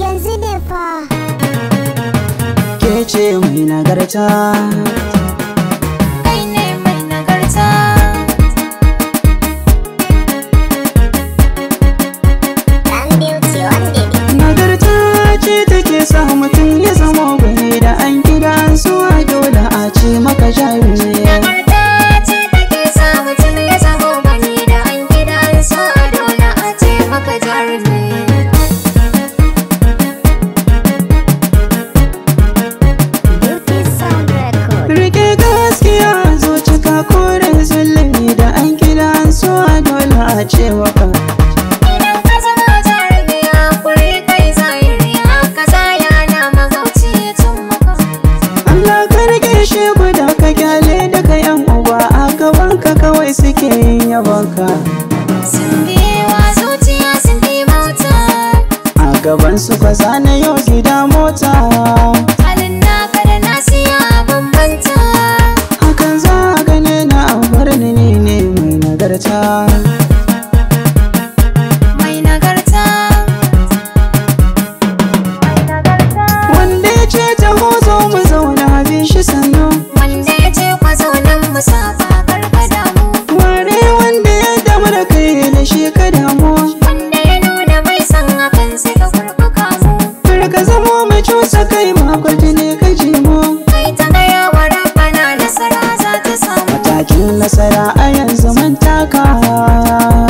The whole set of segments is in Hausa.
Yanzu ne fa. Ke ce mai nagarta. ce maka Allah ka rike shi guda ka kyale daga yan uba a gabanka kawai suke yin yabanka sun biyewa zuciya sun bi mota a gaban su ka yau gida mota akwati ne kai mu kai ta gaya wa nasara za ta samu matakin nasara a yanzu mun takawa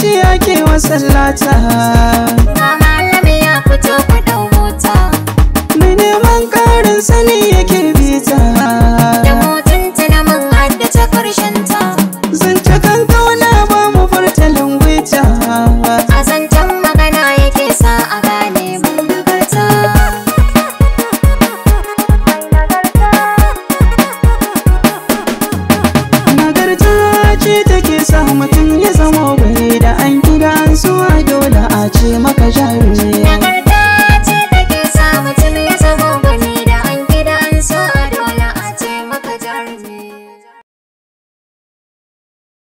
ce ake wasallata ga ya fito ku mota mai neman karin sani yake bita da motun tana mun haddace karshen ta zance kan kauna ba mu furta lungwita a zancen magana yake sa a gane mun nagarta ce take san mutum ya zama gwani da an gida